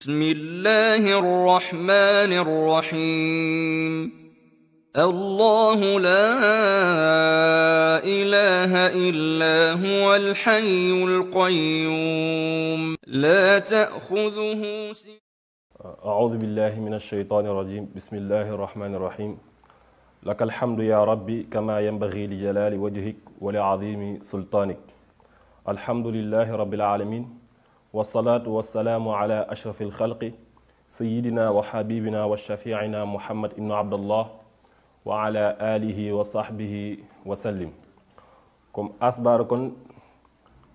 بسم الله الرحمن الرحيم الله لا إله إلا هو الحي القيوم لا تأخذه سنة أعوذ بالله من الشيطان الرجيم بسم الله الرحمن الرحيم لك الحمد يا ربي كما ينبغي لجلال وجهك ولعظيم سلطانك الحمد لله رب العالمين والصلاة والسلام على أشرف الخلق سيدنا وحبيبنا وشفيعنا محمد بن عبد الله وعلى آله وصحبه وسلم كم أسباركم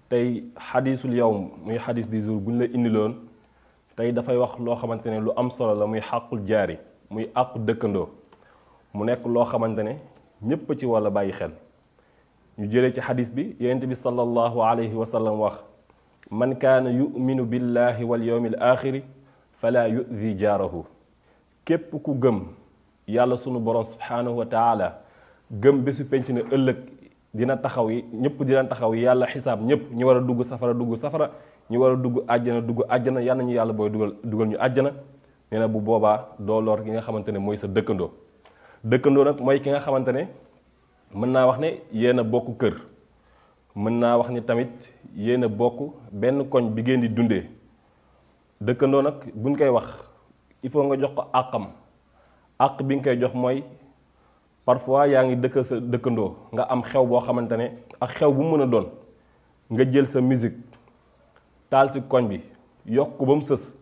تي حديث اليوم مي حديث دي زور بن إني لون تي دا فاي واخ لو خامتاني لو أم صلاة مي حق الجاري مي أق دكندو مو نيك لو خامتاني نيب تي ولا باي خيل ñu jëlé ci hadith bi yeenent bi sallallahu alayhi man kaana yuminu billahi wal yawmil axiri fala yu'di jaarahu képp ku gëm yàlla sunu borom subhaanahu wa taala gëm bésu penc ne ëllëg dina taxaw yi ñëpp dina taxaw yàlla xisaab ñëpp ñu war a dugg safara dugg safara ñu war a dugg àjj na dugg àjjana yal nañu yàlla booy dugal dugal ñu àjjana nee na bu boobaa dooloor lor ki nga xamante ne mooy sa dëkkandoo dëkkandoo nag mooy ki nga xamante ne mën naa wax ne yéen bokk kër mën naa wax ni tamit yéen a bokk benn koñ bi ngeen di dundee dëkkandoo nag buñ koy wax il faut nga jox ko àqam àq bi nga koy jox mooy parfois yaa ngi dëkk sa dëkkandoo nga am xew boo xamante ne ak xew bu mën a doon nga jël sa musique taal si koñ bi yokk ba mu sës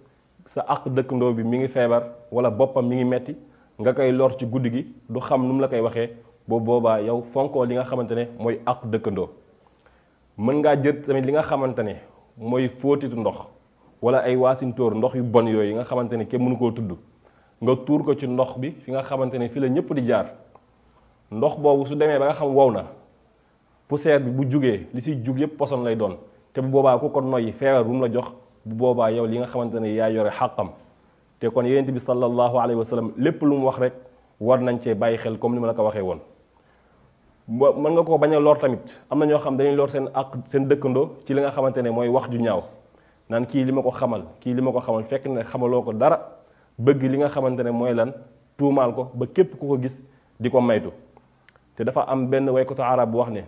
sa àq dëkkandoo bi mi ngi feebar wala boppam mi ngi metti nga koy lor ci guddi gi du xam nu mu la koy waxee boobu boobaa yow fonkoo li nga xamante ne mooy àq dëkkandoo mën ngaa jël tamit li nga xamante ne mooy fóotitu ndox wala ay waasintóor ndox yu bon yooyu nga xamante ne kenn mënu koo tudd nga tuur ko ci ndox bi fi nga xamante ne fi la ñëpp di jaar ndox boobu su demee ba nga xam wow na poussière bi bu jugee li si jug yëpp poson lay doon te bu boobaa ku ko noyyi feebar bu mu la jox bu boobaa yow li nga xamante ne yaa yore xàqam te kon yonent bi sallallahu alayhi wa sallam lépp lu mu wax rek war nañ cee bàyyi xel comme ni ma la ko waxee woon. mën nga koo bañ a lor tamit am na ñoo xam dañuy lor seen ak seen dëkkandoo ci li nga xamante ne mooy wax ju ñaaw naan kii li ma ko xamal kii li ma ko xamal fekk ne xamaloo ko dara bëgg li nga xamante ne mooy lan tuumaal ko ba képp ku ko gis di ko maytu te dafa am benn waykatu arab bu wax ne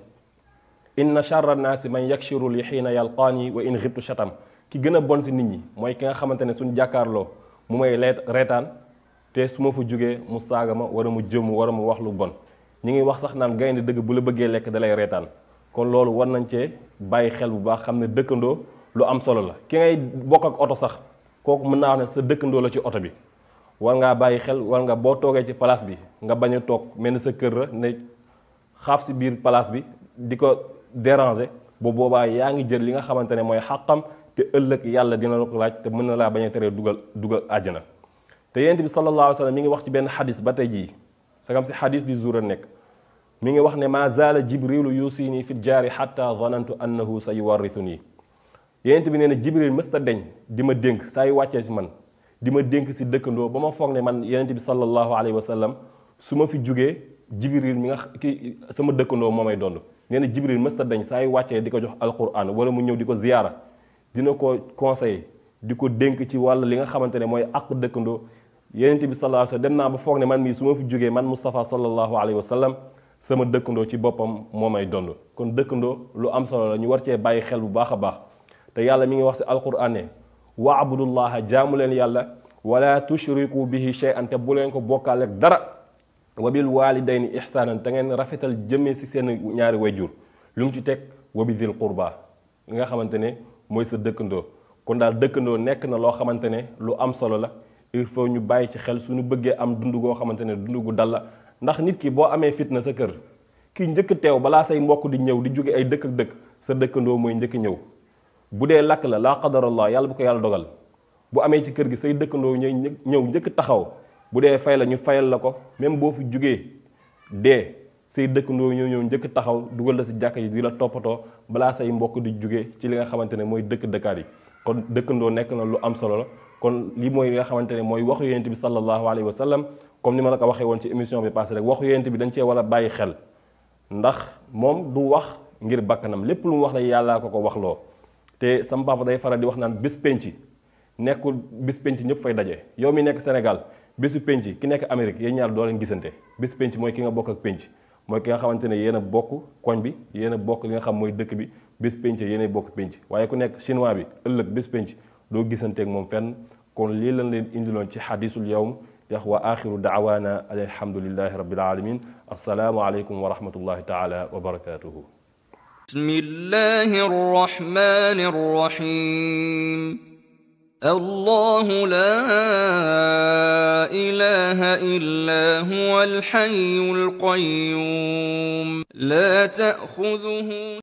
inna charra naasi yi yakshiru li xiina yalqaani wa in xibtu shatam ki gën a bon si nit ñi mooy ki nga xamante ne suñ jàkkaarloo mu may reetaan te su ma fa jógee mu saaga ma wara mu jëm wara mu wax lu bon ñu ngi wax sax naan gaynde dëgg bu la bëggee lekk dalay reetaan kon loolu war nañ cee bàyyi xel bu baax xam ne dëkkandoo lu am solo la ki ngay bokk ak oto sax kooku mën naa wax ne sa dëkkandoo la ci oto bi war ngaa bàyyi xel war nga boo toogee ci place bi nga bañ a toog mel ni sa kër la ne xaaf si biir place bi di ko déranger bu boobaa yaa ngi jël li nga xamante ne mooy xàqam te ëllëg yàlla dina la ko laaj te mën na laa bañ a teree dugal dugal àjjana te yonent bi sallallahu ngi wax ci benn xadis ba tey jii سكام سي حديث دي زورا نيك ميغي واخ ما زال جبريل يوصيني في الجار حتى ظننت انه سيورثني يانت بي نينا جبريل مستا دنج ديما دنك ساي واتي سي مان ديما دنك سي دكندو بما فوغني مان يانت بي صلى الله عليه وسلم سوما في جوغي جبريل ميغا كي سما دكندو مامي دوندو نينا جبريل مستا دنج ساي واتي ديكو جوخ القران ولا مو نيو ديكو زياره دينا كو كونساي ديكو دنك سي والا ليغا خامتاني موي اكو دكندو yenenbi sallallahu alayhi wasallam demna ba fogné man mi suma fi jógee man mustafa sallallahu alayhi wasallam sama dëkkandoo ci bopam momay dondo kon dëkkandoo lu am solo la ñu war ci bàyyi xel bu baaxa baax te yàlla mi ngi wax ci alqur'ane wa waabudullaha jamulen yàlla wala tushriku bihi shay'an te bu len ko bokal ak dara wa bil walidayni ihsanan ta ngeen rafetal jëme ci seen ñaari wayjur lu mu ci tek wa bi qurba nga xamantene moy sa dëkkandoo kon dal dëkkandoo nek na lo xamantene lu am solo la il faut ñu bàyyi ci xel suñu bëggee am dund goo xamante ne dund gu dal la ndax nit ki boo amee fitna sa kër kii njëkk teew balaa say mbokk di ñëw di jóge ay dëkk dëkk sa dëkkandoo mooy njëkk ñëw bu dee lakk la laa qadarallah yàlla bu ko yàlla dogal bu amee ci kër gi say dëkkandoo ñooy ñëw njëkk taxaw bu dee fay la ñu fayal la ko même boo fi jógee dee say dëkkandoo ñoo ñëw njëkk taxaw dugal la si jàkk yi di la toppatoo balaa say mbokk di jóge ci li nga xamante ne mooy dëkk dëkkaat yi kon dëkkandoo nekk na lu am solo la kon li mooy li nga xamante ne mooy waxu yonent bi sallallahu alayhi wa sallam comme ni ma la ko waxee woon ci émission bi passé rek waxu yonent bi dañ cee war a bàyyi xel ndax moom du wax ngir bakkanam lépp lu mu wax la yàllaa ko ko wax loo te sama papa day faral di wax naan bés penc nekkul bés penc ñëpp fay daje yow mi nekk Sénégal bésu penc ki nekk Amérique yéen ñaar doo leen gisante bés penc mooy ki nga bokk ak penc mooy ki nga xamante ne yéen a bokk koñ bi yéen bokk li nga xam mooy dëkk bi bés penc yéen a bokk waaye ku nekk chinois bi ëllëg bés penc doo gisanteeg moom fenn kon lii lañ leen indiloon ci xadisul yawm yax wa axiru daawaana alhamdulilahi rabil alamin assalaamu aleykum wa rahmatullahi taala wa barakatuhu بسم الله الرحمن الرحيم الله لا اله الا هو الحي القيوم لا تاخذه